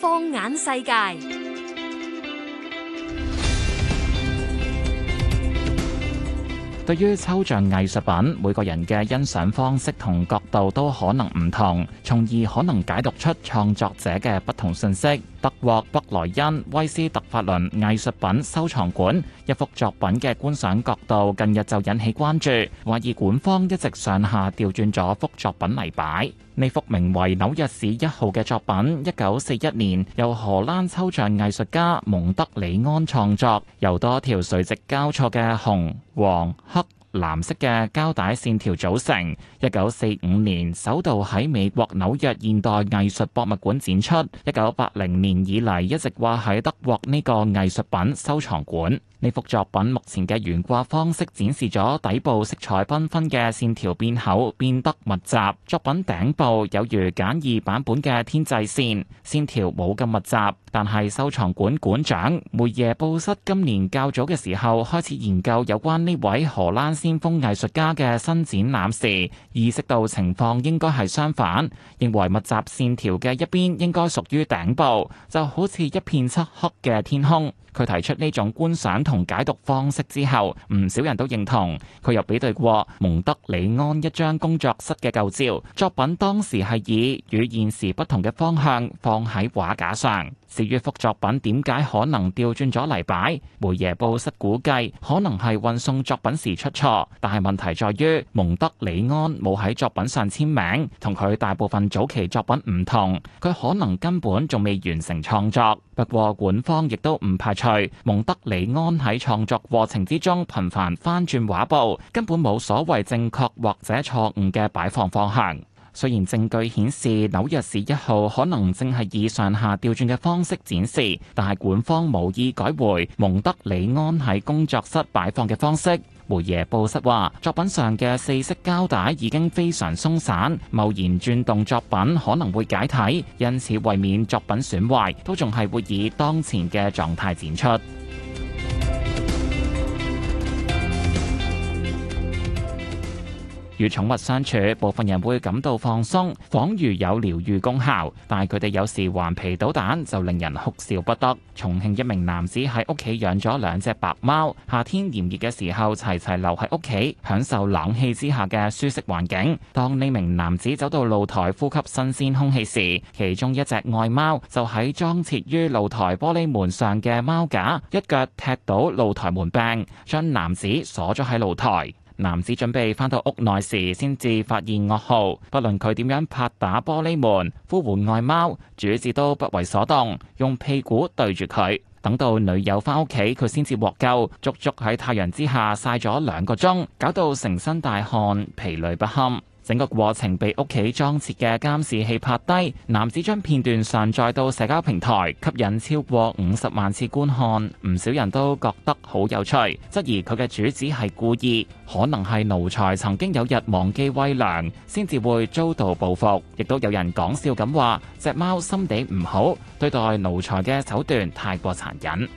放眼世界。對於抽象藝術品，每個人嘅欣賞方式同角度都可能唔同，從而可能解讀出創作者嘅不同信息。德國北萊茵威斯特法倫藝術品收藏館一幅作品嘅觀賞角度近日就引起關注，懷疑館方一直上下調轉咗幅作品嚟擺。呢幅名為紐約市一號嘅作品，一九四一年由荷蘭抽象藝術家蒙德里安創作，由多條垂直交錯嘅紅、黃、黑、藍色嘅膠帶線條組成。一九四五年首度喺美國紐約現代藝術博物館展出。一九八零年以嚟一直掛喺德國呢個藝術品收藏館。呢幅作品目前嘅懸掛方式展示咗底部色彩繽紛嘅線條變厚變得密集。作品頂部有如簡易版本嘅天際線，線條冇咁密集。但係收藏館館長梅耶布斯今年較早嘅時候開始研究有關呢位荷蘭先鋒藝術家嘅新展覽時，意識到情況應該係相反，認為密集線條嘅一邊應該屬於頂部，就好似一片漆黑嘅天空。佢提出呢種觀賞同解讀方式之後，唔少人都認同。佢又比對過蒙德里安一張工作室嘅舊照，作品當時係以與現時不同嘅方向放喺畫架上。至於幅作品點解可能調轉咗嚟擺，梅耶布什估計可能係運送作品時出錯。但係問題在於，蒙德里安冇喺作品上簽名，同佢大部分早期作品唔同，佢可能根本仲未完成創作。不過館方亦都唔排除蒙德里安喺創作過程之中頻繁翻轉畫布，根本冇所謂正確或者錯誤嘅擺放方向。雖然證據顯示紐約市一號可能正係以上下調轉嘅方式展示，但係館方無意改回蒙德里安喺工作室擺放嘅方式。梅耶布室話，作品上嘅四色膠帶已經非常鬆散，貿然轉動作品可能會解體，因此為免作品損壞，都仲係會以當前嘅狀態展出。與寵物相處，部分人會感到放鬆，仿如有療愈功效。但係佢哋有時頑皮搗蛋，就令人哭笑不得。重慶一名男子喺屋企養咗兩隻白貓，夏天炎熱嘅時候齊齊留喺屋企，享受冷氣之下嘅舒適環境。當呢名男子走到露台呼吸新鮮空氣時，其中一隻愛貓就喺裝設於露台玻璃門上嘅貓架一腳踢到露台門柄，將男子鎖咗喺露台。男子準備翻到屋內時，先至發現噩耗。不論佢點樣拍打玻璃門、呼喚愛貓，主子都不為所動，用屁股對住佢。等到女友翻屋企，佢先至獲救，足足喺太陽之下曬咗兩個鐘，搞到成身大汗、疲累不堪。整個過程被屋企裝設嘅監視器拍低，男子將片段上載到社交平台，吸引超過五十萬次觀看。唔少人都覺得好有趣，質疑佢嘅主子係故意，可能係奴才曾經有日忘記餵糧，先至會遭到報復。亦都有人講笑咁話：隻貓心地唔好，對待奴才嘅手段太過殘忍。